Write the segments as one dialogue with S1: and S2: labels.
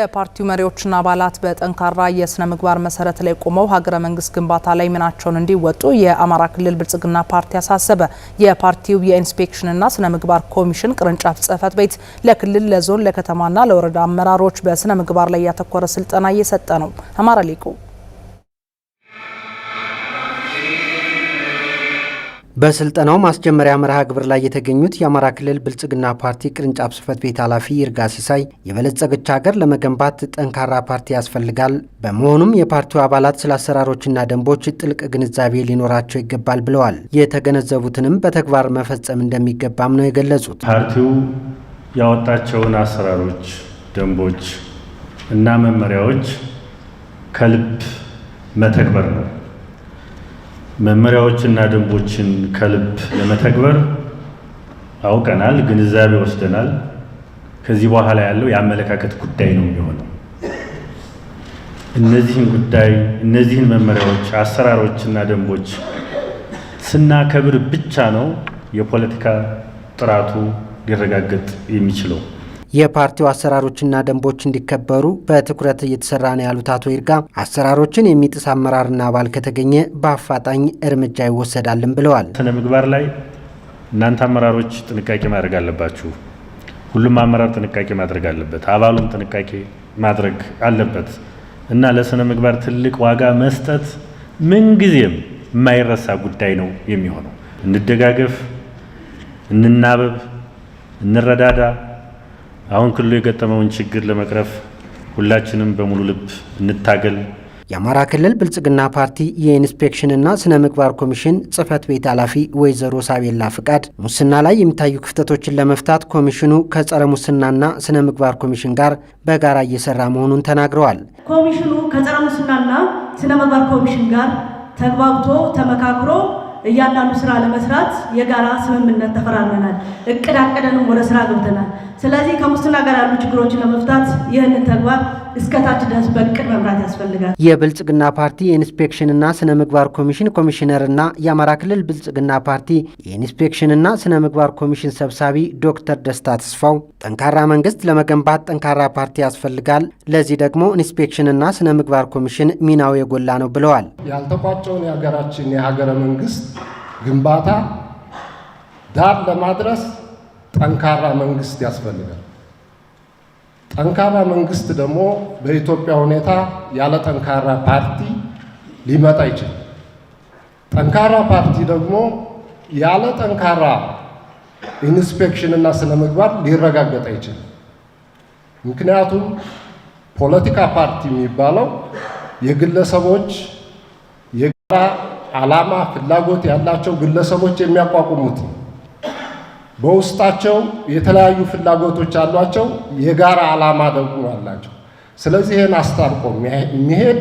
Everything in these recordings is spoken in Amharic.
S1: የፓርቲው መሪዎችና አባላት በጠንካራ የስነ ምግባር መሰረት ላይ ቆመው ሀገረ መንግስት ግንባታ ላይ ሚናቸውን እንዲወጡ የአማራ ክልል ብልጽግና ፓርቲ አሳሰበ። የፓርቲው የኢንስፔክሽንና ስነ ምግባር ኮሚሽን ቅርንጫፍ ጽህፈት ቤት ለክልል፣ ለዞን፣ ለከተማና ለወረዳ አመራሮች በስነ ምግባር ላይ ያተኮረ ስልጠና እየሰጠ ነው። አማራ ሊቁ በስልጠናው ማስጀመሪያ መርሃ ግብር ላይ የተገኙት የአማራ ክልል ብልጽግና ፓርቲ ቅርንጫፍ ጽህፈት ቤት ኃላፊ ይርጋ ሲሳይ የበለጸገች ሀገር ለመገንባት ጠንካራ ፓርቲ ያስፈልጋል፣ በመሆኑም የፓርቲው አባላት ስለ አሰራሮችና ደንቦች ጥልቅ ግንዛቤ ሊኖራቸው ይገባል ብለዋል። የተገነዘቡትንም በተግባር መፈጸም እንደሚገባም ነው የገለጹት።
S2: ፓርቲው ያወጣቸውን አሰራሮች፣ ደንቦች እና መመሪያዎች ከልብ መተግበር ነው መመሪያዎችና ደንቦችን ከልብ ለመተግበር አውቀናል፣ ግንዛቤ ወስደናል። ከዚህ በኋላ ያለው የአመለካከት ጉዳይ ነው የሚሆነው። እነዚህን ጉዳይ እነዚህን መመሪያዎች፣ አሰራሮችና ደንቦች ስናከብር ብቻ ነው የፖለቲካ ጥራቱ ሊረጋገጥ የሚችለው።
S1: የፓርቲው አሰራሮችና ደንቦች እንዲከበሩ በትኩረት እየተሰራ ነው ያሉት አቶ ይርጋ አሰራሮችን የሚጥስ አመራርና አባል ከተገኘ በአፋጣኝ እርምጃ ይወሰዳልም ብለዋል።
S2: ስነ ምግባር ላይ እናንተ አመራሮች ጥንቃቄ ማድረግ አለባችሁ። ሁሉም አመራር ጥንቃቄ ማድረግ አለበት፣ አባሉም ጥንቃቄ ማድረግ አለበት እና ለስነ ምግባር ትልቅ ዋጋ መስጠት ምንጊዜም የማይረሳ ጉዳይ ነው የሚሆነው። እንደጋገፍ፣ እንናበብ፣ እንረዳዳ አሁን ክልሉ የገጠመውን ችግር ለመቅረፍ ሁላችንም በሙሉ ልብ እንታገል።
S1: የአማራ ክልል ብልጽግና ፓርቲ የኢንስፔክሽንና ስነ ምግባር ኮሚሽን ጽህፈት ቤት ኃላፊ ወይዘሮ ሳቤላ ፍቃድ ሙስና ላይ የሚታዩ ክፍተቶችን ለመፍታት ኮሚሽኑ ከጸረ ሙስናና ስነ ምግባር ኮሚሽን ጋር በጋራ እየሰራ መሆኑን ተናግረዋል።
S3: ኮሚሽኑ ከጸረ ሙስናና ስነ ምግባር ኮሚሽን ጋር ተግባብቶ ተመካክሮ እያንዳንዱ ስራ ለመስራት የጋራ ስምምነት ተፈራርመናል። እቅድ አቅደንም ወደ ስራ ገብተናል። ስለዚህ ከሙስና ጋር ያሉ ችግሮችን ለመፍታት ይህንን ተግባር እስከታች ድረስ በቅድ መምራት ያስፈልጋል።
S1: የብልጽግና ፓርቲ የኢንስፔክሽንና ስነ ምግባር ኮሚሽን ኮሚሽነርና የአማራ ክልል ብልጽግና ፓርቲ የኢንስፔክሽንና ስነ ምግባር ኮሚሽን ሰብሳቢ ዶክተር ደስታ ተስፋው ጠንካራ መንግስት ለመገንባት ጠንካራ ፓርቲ ያስፈልጋል፣ ለዚህ ደግሞ ኢንስፔክሽንና ስነ ምግባር ኮሚሽን ሚናው የጎላ ነው ብለዋል።
S4: ያልተቋጨውን የሀገራችን የሀገረ መንግስት ግንባታ ዳር ለማድረስ ጠንካራ መንግስት ያስፈልጋል። ጠንካራ መንግስት ደግሞ በኢትዮጵያ ሁኔታ ያለ ጠንካራ ፓርቲ ሊመጣ ይችላል። ጠንካራ ፓርቲ ደግሞ ያለ ጠንካራ ኢንስፔክሽን እና ስነ ምግባር ሊረጋገጥ አይችልም። ምክንያቱም ፖለቲካ ፓርቲ የሚባለው የግለሰቦች የጋራ ዓላማ ፍላጎት ያላቸው ግለሰቦች የሚያቋቁሙት በውስጣቸው የተለያዩ ፍላጎቶች አሏቸው፣ የጋራ ዓላማ ደግሞ አላቸው። ስለዚህ ይህን አስታርቆ የሚሄድ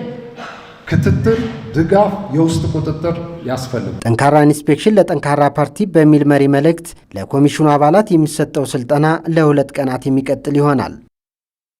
S4: ክትትል፣ ድጋፍ፣ የውስጥ ቁጥጥር ያስፈልጋል።
S1: ጠንካራ ኢንስፔክሽን ለጠንካራ ፓርቲ በሚል መሪ መልእክት ለኮሚሽኑ አባላት የሚሰጠው ስልጠና ለሁለት ቀናት የሚቀጥል ይሆናል።